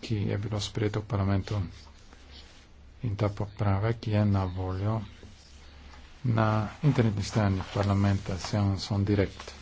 ki je bilo sprejeto v parlamentu. In ta popravek je na voljo na internetni strani parlamenta Seanson Direct.